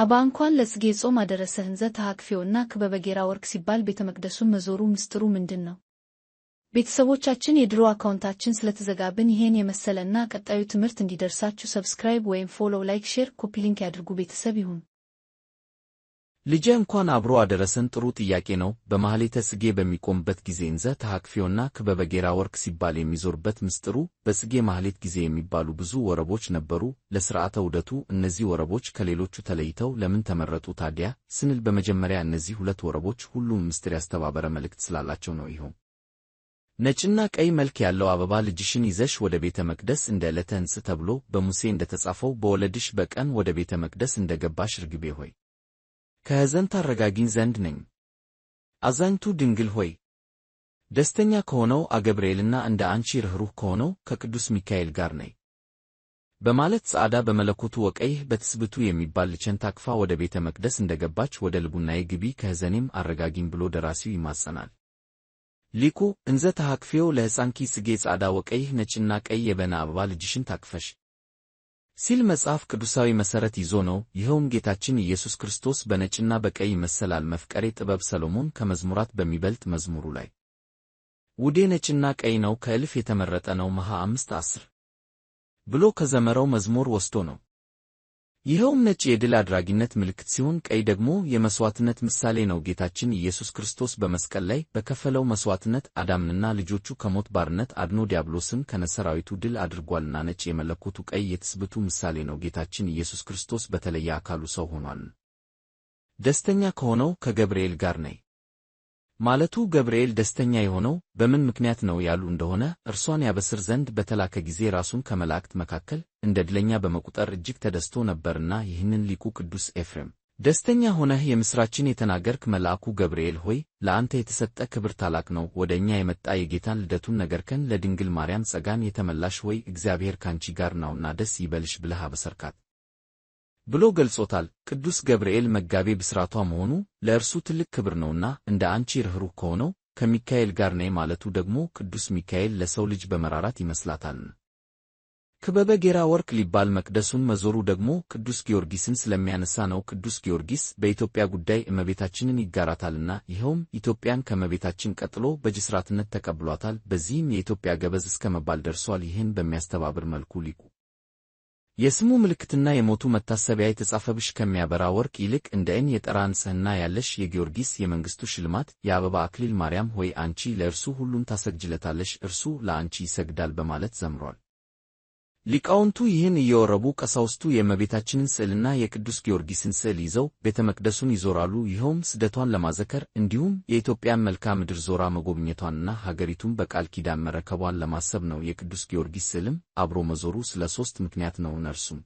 አባ እንኳን ለጽጌ ጾም አደረሰ ህንዘ ተሐቅፌዎና ክበበጌራ ወርቅ ሲባል ቤተ መቅደሱን መዞሩ ምስጢሩ ምንድን ነው? ቤተሰቦቻችን የድሮ አካውንታችን ስለተዘጋብን ይሄን የመሰለና ቀጣዩ ትምህርት እንዲደርሳችሁ ሰብስክራይብ ወይም ፎሎ፣ ላይክ፣ ሼር፣ ኮፒ ሊንክ ያድርጉ። ቤተሰብ ይሁን ልጄ እንኳን አብሮ አደረሰን ጥሩ ጥያቄ ነው። በማህሌተ ጽጌ በሚቆምበት ጊዜ እንዘ ተሐቅፊዮና ክበበ ጌራ ወርቅ ሲባል የሚዞርበት ምስጢሩ በጽጌ ማህሌት ጊዜ የሚባሉ ብዙ ወረቦች ነበሩ። ለሥርዓተ ውደቱ እነዚህ ወረቦች ከሌሎቹ ተለይተው ለምን ተመረጡ ታዲያ ስንል በመጀመሪያ እነዚህ ሁለት ወረቦች ሁሉም ምስጢር ያስተባበረ መልእክት ስላላቸው ነው። ይሁን ነጭና ቀይ መልክ ያለው አበባ ልጅሽን ይዘሽ ወደ ቤተ መቅደስ እንደ ዕለተ እንጽ ተብሎ በሙሴ እንደተጻፈው በወለድሽ በቀን ወደ ቤተ መቅደስ እንደገባሽ ርግቤ ሆይ ከሕዘን ታረጋጊኝ ዘንድ ነኝ። አዛኝቱ ድንግል ሆይ ደስተኛ ከሆነው አገብርኤልና እንደ አንቺ ርኅሩህ ከሆነው ከቅዱስ ሚካኤል ጋር ነይ በማለት ጻዳ በመለኮቱ ወቀይህ በትስብቱ የሚባል ልቸን ታቅፋ ወደ ቤተ መቅደስ እንደ ገባች ወደ ልቡናዬ ግቢ ከሕዘኔም አረጋጊኝ ብሎ ደራሲው ይማጸናል። ሊቁ እንዘ ተሐቅፌው ለሕፃንኪ ጽጌ ጻዳ ወቀይህ ነጭና ቀይ የበነ አበባ ልጅሽን ታቅፈሽ ሲል መጽሐፍ ቅዱሳዊ መሠረት ይዞ ነው። ይኸውም ጌታችን ኢየሱስ ክርስቶስ በነጭና በቀይ መሰላል መፍቀሬ ጥበብ ሰሎሞን ከመዝሙራት በሚበልጥ መዝሙሩ ላይ ውዴ ነጭና ቀይ ነው ከእልፍ የተመረጠ ነው መሃ አምስት አስር ብሎ ከዘመረው መዝሙር ወስዶ ነው። ይኸውም ነጭ የድል አድራጊነት ምልክት ሲሆን ቀይ ደግሞ የመሥዋዕትነት ምሳሌ ነው። ጌታችን ኢየሱስ ክርስቶስ በመስቀል ላይ በከፈለው መሥዋዕትነት አዳምንና ልጆቹ ከሞት ባርነት አድኖ ዲያብሎስን ከነሰራዊቱ ድል አድርጓልና ነጭ የመለኮቱ ቀይ የትስብቱ ምሳሌ ነው። ጌታችን ኢየሱስ ክርስቶስ በተለየ አካሉ ሰው ሆኗል። ደስተኛ ከሆነው ከገብርኤል ጋር ነይ ማለቱ ገብርኤል ደስተኛ የሆነው በምን ምክንያት ነው ያሉ እንደሆነ እርሷን ያበስር ዘንድ በተላከ ጊዜ ራሱን ከመላእክት መካከል እንደ ድለኛ በመቁጠር እጅግ ተደስቶ ነበርና ይህንን ሊቁ ቅዱስ ኤፍሬም ደስተኛ ሆነህ የምሥራችን የተናገርክ መልአኩ ገብርኤል ሆይ ለአንተ የተሰጠ ክብር ታላቅ ነው። ወደ እኛ የመጣ የጌታን ልደቱን ነገርከን። ለድንግል ማርያም ጸጋን የተመላሽ ሆይ እግዚአብሔር ካንቺ ጋር ነውና ደስ ይበልሽ ብለህ አበሰርካት። ብሎ ገልጾታል። ቅዱስ ገብርኤል መጋቤ ብስራቷ መሆኑ ለእርሱ ትልቅ ክብር ነውና እንደ አንቺ ርኅሩህ ከሆነው ከሚካኤል ጋር ነይ ማለቱ ደግሞ ቅዱስ ሚካኤል ለሰው ልጅ በመራራት ይመስላታል። ክበበ ጌራ ወርቅ ሊባል መቅደሱን መዞሩ ደግሞ ቅዱስ ጊዮርጊስን ስለሚያነሳ ነው። ቅዱስ ጊዮርጊስ በኢትዮጵያ ጉዳይ እመቤታችንን ይጋራታልና ይኸውም ኢትዮጵያን ከእመቤታችን ቀጥሎ በጅስራትነት ተቀብሏታል። በዚህም የኢትዮጵያ ገበዝ እስከ መባል ደርሷል። ይህን በሚያስተባብር መልኩ ሊቁ የስሙ ምልክትና የሞቱ መታሰቢያ የተጻፈብሽ ከሚያበራ ወርቅ ይልቅ እንደ እን የጠራ ንጽሕና ያለሽ የጊዮርጊስ የመንግሥቱ ሽልማት የአበባ አክሊል ማርያም ሆይ አንቺ ለእርሱ ሁሉን ታሰግጅለታለሽ እርሱ ለአንቺ ይሰግዳል በማለት ዘምሯል። ሊቃውንቱ ይህን እየወረቡ ቀሳውስቱ የእመቤታችንን ስዕልና የቅዱስ ጊዮርጊስን ስዕል ይዘው ቤተ መቅደሱን ይዞራሉ። ይኸውም ስደቷን ለማዘከር እንዲሁም የኢትዮጵያን መልክዓ ምድር ዞራ መጎብኘቷንና ሀገሪቱን በቃል ኪዳን መረከቧን ለማሰብ ነው። የቅዱስ ጊዮርጊስ ስዕልም አብሮ መዞሩ ስለ ሦስት ምክንያት ነው። እነርሱም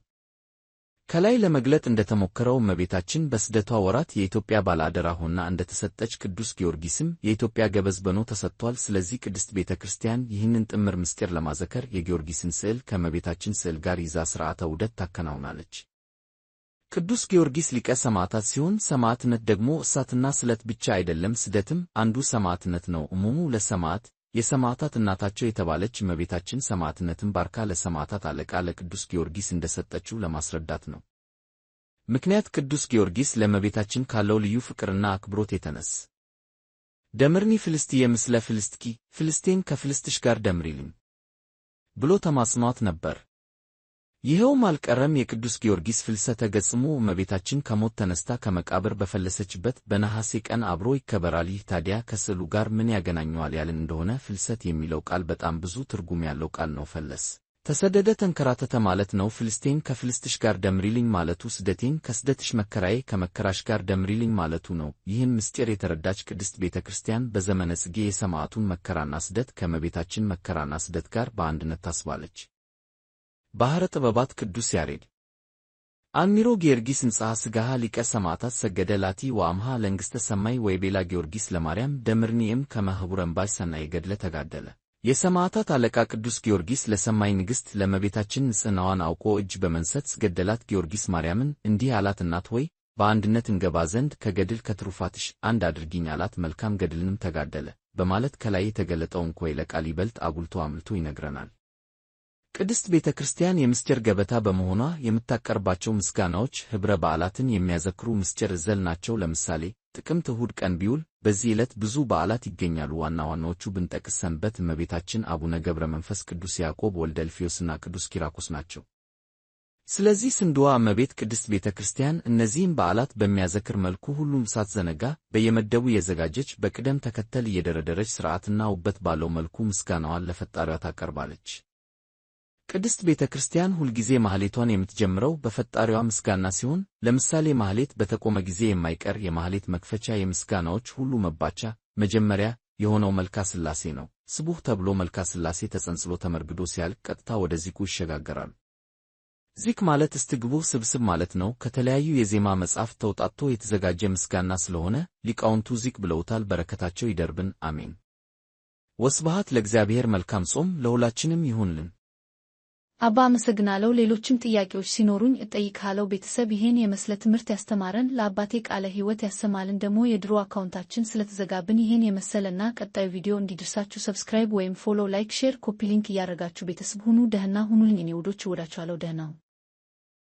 ከላይ ለመግለጥ እንደተሞከረው እመቤታችን በስደቷ ወራት የኢትዮጵያ ባለአደራ ሆና እንደተሰጠች ቅዱስ ጊዮርጊስም የኢትዮጵያ ገበዝ በኖ ተሰጥቷል። ስለዚህ ቅድስት ቤተ ክርስቲያን ይህንን ጥምር ምስጢር ለማዘከር የጊዮርጊስን ስዕል ከእመቤታችን ስዕል ጋር ይዛ ሥርዓተ ውደት ታከናውናለች። ቅዱስ ጊዮርጊስ ሊቀ ሰማዕታት ሲሆን ሰማዕትነት ደግሞ እሳትና ስለት ብቻ አይደለም፣ ስደትም አንዱ ሰማዕትነት ነው። እሙሙ ለሰማዕት የሰማዕታት እናታቸው የተባለች እመቤታችን ሰማዕትነትን ባርካ ለሰማዕታት አለቃ ለቅዱስ ጊዮርጊስ እንደሰጠችው ለማስረዳት ነው። ምክንያት ቅዱስ ጊዮርጊስ ለእመቤታችን ካለው ልዩ ፍቅርና አክብሮት የተነስ ደምርኒ ፍልስትየ ምስለ ፍልስትኪ ፍልስቴን ከፍልስትሽ ጋር ደምሪልኝ ብሎ ተማጽኗት ነበር። ይኸውም አልቀረም። የቅዱስ ጊዮርጊስ ፍልሰተ ገጽሙ እመቤታችን ከሞት ተነስታ ከመቃብር በፈለሰችበት በነሐሴ ቀን አብሮ ይከበራል። ይህ ታዲያ ከስዕሉ ጋር ምን ያገናኘዋል ያልን እንደሆነ ፍልሰት የሚለው ቃል በጣም ብዙ ትርጉም ያለው ቃል ነው። ፈለስ ተሰደደ፣ ተንከራተተ ማለት ነው። ፍልስቴን ከፍልስትሽ ጋር ደምሪልኝ ማለቱ፣ ስደቴን ከስደትሽ፣ መከራዬ ከመከራሽ ጋር ደምሪልኝ ማለቱ ነው። ይህን ምስጢር የተረዳች ቅድስት ቤተ ክርስቲያን በዘመነ ጽጌ የሰማዕቱን መከራና ስደት ከእመቤታችን መከራና ስደት ጋር በአንድነት ታስባለች። ባሕረ ጥበባት ቅዱስ ያሬድ አሚሮ ጊዮርጊስ ንጽሐ ሥጋሃ ሊቀ ሰማዕታት ሰገደ ላቲ ወአምሃ ለንግሥተ ሰማይ ወይቤላ ጊዮርጊስ ለማርያም ደምርኒኤም ከማኅቡረ እምባይ ሰናይ ገድለ ተጋደለ። የሰማዕታት አለቃ ቅዱስ ጊዮርጊስ ለሰማይ ንግሥት ለመቤታችን ንጽሕናዋን አውቆ እጅ በመንሰት ገደላት። ጊዮርጊስ ማርያምን እንዲህ አላት፣ እናት ሆይ በአንድነት እንገባ ዘንድ ከገድል ከትሩፋትሽ አንድ አድርጊኝ አላት። መልካም ገድልንም ተጋደለ በማለት ከላይ የተገለጠውን ኮይ ለቃል ይበልጥ አጉልቶ አምልቶ ይነግረናል። ቅድስት ቤተ ክርስቲያን የምስጢር ገበታ በመሆኗ የምታቀርባቸው ምስጋናዎች ኅብረ በዓላትን የሚያዘክሩ ምስጢር እዘል ናቸው። ለምሳሌ ጥቅምት እሁድ ቀን ቢውል። በዚህ ዕለት ብዙ በዓላት ይገኛሉ። ዋና ዋናዎቹ ብንጠቅስ ሰንበት እመቤታችን፣ አቡነ ገብረ መንፈስ ቅዱስ፣ ያዕቆብ ወልደ እልፍዮስና ቅዱስ ኪራኮስ ናቸው። ስለዚህ ስንድዋ እመቤት ቅድስት ቤተ ክርስቲያን እነዚህም በዓላት በሚያዘክር መልኩ ሁሉም ሳትዘነጋ በየመደቡ የዘጋጀች በቅደም ተከተል እየደረደረች ሥርዓትና ውበት ባለው መልኩ ምስጋናዋን ለፈጣሪዋ ታቀርባለች። ቅድስት ቤተ ክርስቲያን ሁልጊዜ ማህሌቷን የምትጀምረው በፈጣሪዋ ምስጋና ሲሆን፣ ለምሳሌ ማህሌት በተቆመ ጊዜ የማይቀር የማህሌት መክፈቻ የምስጋናዎች ሁሉ መባቻ መጀመሪያ የሆነው መልካ ሥላሴ ነው። ስቡህ ተብሎ መልካ ሥላሴ ተጸንጽሎ ተመርግዶ ሲያልቅ ቀጥታ ወደ ዚቁ ይሸጋገራሉ። ዚክ ማለት እስትግቡ ስብስብ ማለት ነው። ከተለያዩ የዜማ መጽሐፍ ተውጣጥቶ የተዘጋጀ ምስጋና ስለሆነ ሊቃውንቱ ዚክ ብለውታል። በረከታቸው ይደርብን፣ አሜን። ወስብሐት ለእግዚአብሔር። መልካም ጾም ለሁላችንም ይሁንልን። አባ አመሰግናለሁ። ሌሎችም ጥያቄዎች ሲኖሩኝ እጠይቅሃለሁ። ቤተሰብ ይሄን የመስለ ትምህርት ያስተማረን ለአባቴ ቃለ ሕይወት ያሰማልን። ደግሞ የድሮ አካውንታችን ስለተዘጋብን ይሄን የመሰለና ቀጣዩ ቪዲዮ እንዲደርሳችሁ ሰብስክራይብ ወይም ፎሎ፣ ላይክ፣ ሼር፣ ኮፒ ሊንክ እያደረጋችሁ ቤተሰብ ሁኑ። ደህና ሁኑልኝ። እኔ ውዶች እወዳችኋለሁ። ደህናው